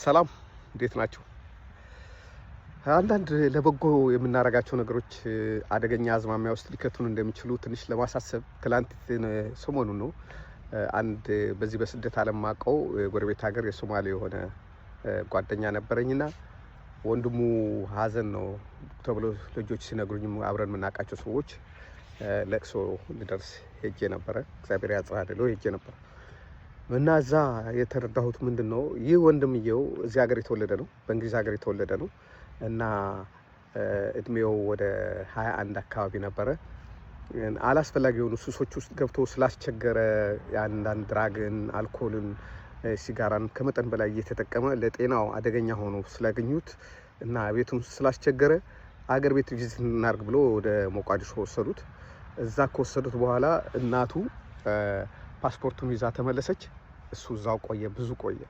ሰላም እንዴት ናቸው? አንዳንድ ለበጎ የምናደርጋቸው ነገሮች አደገኛ አዝማሚያ ውስጥ ሊከቱን እንደሚችሉ ትንሽ ለማሳሰብ ትላንት ሰሞኑን ነው አንድ በዚህ በስደት ዓለም ማቀው ጎረቤት ሀገር የሶማሌ የሆነ ጓደኛ ነበረኝና ወንድሙ ሀዘን ነው ተብሎ ልጆች ሲነግሩኝም አብረን የምናውቃቸው ሰዎች ለቅሶ ልደርስ ሄጄ ነበረ። እግዚአብሔር ያጽናህ ሄጄ ነበረ። እና እዛ የተረዳሁት ምንድን ነው ይህ ወንድምየው እዚህ ሀገር የተወለደ ነው፣ በእንግሊዝ ሀገር የተወለደ ነው እና እድሜው ወደ ሀያ አንድ አካባቢ ነበረ። አላስፈላጊ የሆኑ ሱሶች ውስጥ ገብቶ ስላስቸገረ የአንዳንድ ድራግን፣ አልኮልን፣ ሲጋራን ከመጠን በላይ እየተጠቀመ ለጤናው አደገኛ ሆኖ ስላገኙት እና ቤቱም ስላስቸገረ አገር ቤት ቪዚት እናርግ ብሎ ወደ ሞቃዲሾ ወሰዱት። እዛ ከወሰዱት በኋላ እናቱ ፓስፖርቱን ይዛ ተመለሰች። እሱ እዛው ቆየ፣ ብዙ ቆየ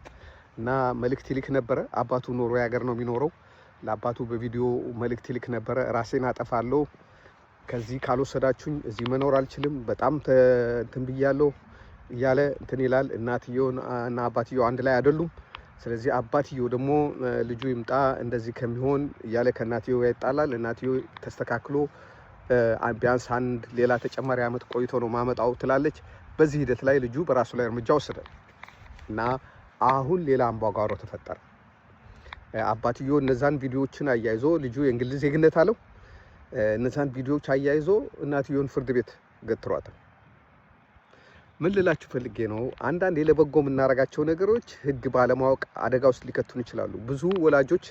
እና መልእክት ይልክ ነበረ። አባቱ ኖሮ ያገር ነው የሚኖረው። ለአባቱ በቪዲዮ መልእክት ይልክ ነበረ። ራሴን አጠፋለሁ፣ ከዚህ ካልወሰዳችሁኝ እዚህ መኖር አልችልም፣ በጣም እንትን ብያለሁ እያለ እንትን ይላል። እናትየው እና አባትየው አንድ ላይ አይደሉም። ስለዚህ አባትየው ደግሞ ልጁ ይምጣ እንደዚህ ከሚሆን እያለ ከእናትየው ያይጣላል። እናትየው ተስተካክሎ ቢያንስ አንድ ሌላ ተጨማሪ አመት ቆይቶ ነው ማመጣው ትላለች። በዚህ ሂደት ላይ ልጁ በራሱ ላይ እርምጃ ወሰደ። እና አሁን ሌላ አምባጓሮ ተፈጠረ። አባትዮ እነዛን ቪዲዮዎችን አያይዞ ልጁ የእንግሊዝ ዜግነት አለው። እነዛን ቪዲዮዎች አያይዞ እናትዮን ፍርድ ቤት ገትሯታል። ምን ልላችሁ ፈልጌ ነው፣ አንዳንዴ ለበጎ የምናደርጋቸው ነገሮች ህግ ባለማወቅ አደጋ ውስጥ ሊከቱን ይችላሉ። ብዙ ወላጆች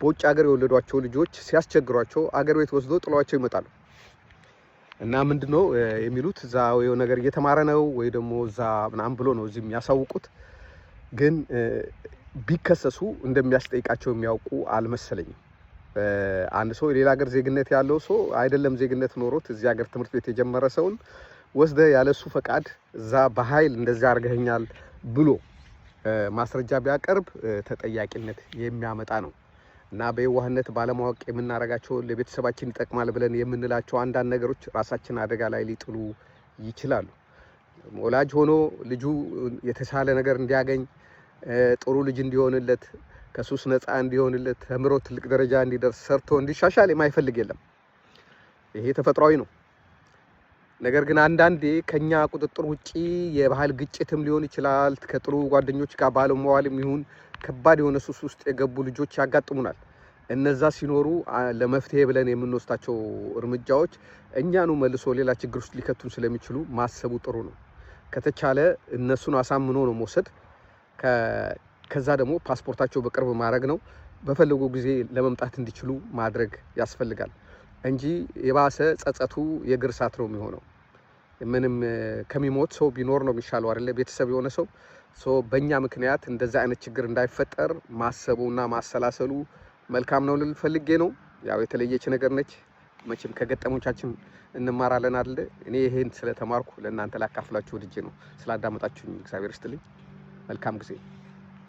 በውጭ ሀገር የወለዷቸው ልጆች ሲያስቸግሯቸው አገር ቤት ወስዶ ጥለዋቸው ይመጣሉ እና ምንድነው የሚሉት እዛ ነገር እየተማረ ነው ወይ ደግሞ እዛ ምናምን ብሎ ነው እዚህ የሚያሳውቁት ግን ቢከሰሱ እንደሚያስጠይቃቸው የሚያውቁ አልመሰለኝም። አንድ ሰው የሌላ ሀገር ዜግነት ያለው ሰው አይደለም ዜግነት ኖሮት እዚህ ሀገር ትምህርት ቤት የጀመረ ሰውን ወስደ ያለሱ ፈቃድ እዛ በኃይል እንደዛ አድርገኛል ብሎ ማስረጃ ቢያቀርብ ተጠያቂነት የሚያመጣ ነው እና በየዋህነት ባለማወቅ የምናደርጋቸው ለቤተሰባችን ይጠቅማል ብለን የምንላቸው አንዳንድ ነገሮች ራሳችን አደጋ ላይ ሊጥሉ ይችላሉ። ወላጅ ሆኖ ልጁ የተሻለ ነገር እንዲያገኝ ጥሩ ልጅ እንዲሆንለት ከሱስ ነፃ እንዲሆንለት ተምሮ ትልቅ ደረጃ እንዲደርስ ሰርቶ እንዲሻሻል የማይፈልግ የለም። ይሄ ተፈጥሯዊ ነው። ነገር ግን አንዳንዴ ከኛ ቁጥጥር ውጪ የባህል ግጭትም ሊሆን ይችላል። ከጥሩ ጓደኞች ጋር ባለመዋልም ይሁን ከባድ የሆነ ሱስ ውስጥ የገቡ ልጆች ያጋጥሙናል። እነዛ ሲኖሩ ለመፍትሄ ብለን የምንወስዳቸው እርምጃዎች እኛኑ መልሶ ሌላ ችግር ውስጥ ሊከቱን ስለሚችሉ ማሰቡ ጥሩ ነው። ከተቻለ እነሱን አሳምኖ ነው መውሰድ ከዛ ደግሞ ፓስፖርታቸው በቅርብ ማድረግ ነው። በፈለጉ ጊዜ ለመምጣት እንዲችሉ ማድረግ ያስፈልጋል እንጂ የባሰ ጸጸቱ የእግር እሳት ነው የሚሆነው። ምንም ከሚሞት ሰው ቢኖር ነው የሚሻለው አይደለ? ቤተሰብ የሆነ ሰው በእኛ ምክንያት እንደዛ አይነት ችግር እንዳይፈጠር ማሰቡና ማሰላሰሉ መልካም ነው ልል ፈልጌ ነው። ያው የተለየች ነገር ነች መቼም ከገጠሞቻችን እንማራለን አይደለ? እኔ ይሄን ስለተማርኩ ለእናንተ ላካፍላችሁ ወድጄ ነው። ስላዳመጣችሁኝ እግዚአብሔር ይስጥልኝ። መልካም ጊዜ